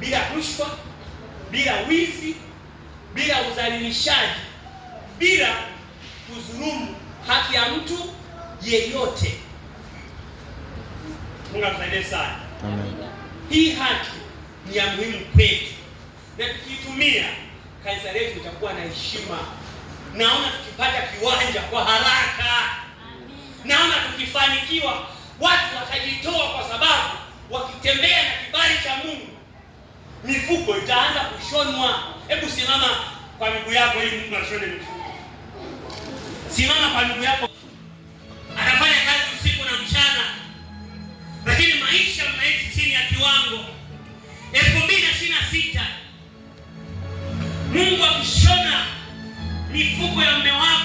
bila rushwa, bila wizi, bila udhalilishaji, bila kudhulumu haki ya mtu yeyote. Mungu atusaidie sana. Hii haki ni ya muhimu kwetu, na tukiitumia kanisa letu litakuwa na heshima. Naona tukipata kiwanja kwa haraka. Naona tukifanikiwa watu watajitoa, kwa sababu wakitembea na kibali cha Mungu mifuko itaanza kushonwa. Hebu simama kwa miguu yako ili Mungu ashone mifuko. Simama kwa miguu yako. Anafanya kazi usiku na mchana, lakini maisha mnaishi chini ya kiwango. elfu mbili na ishirini na sita Mungu akushona mifuko ya mume wako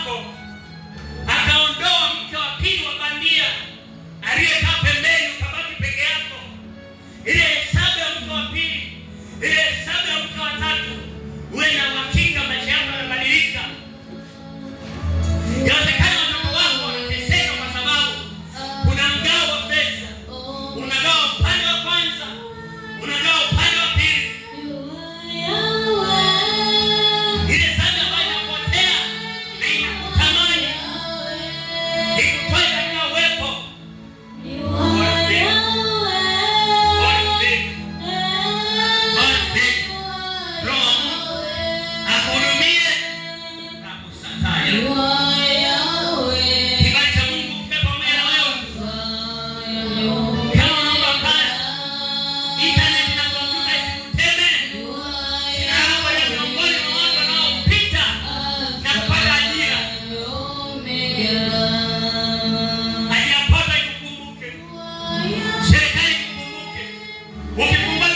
Ukikubali